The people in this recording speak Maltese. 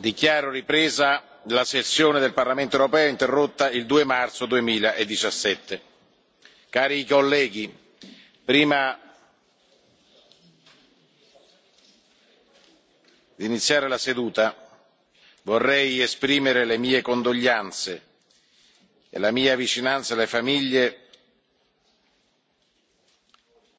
dichiaro ripresa la sessione del parlamento europeo interrotta il due marzo. duemiladiciassette cari colleghi prima di iniziare la seduta vorrei esprimere le mie condoglianze e la mia vicinanza alle famiglie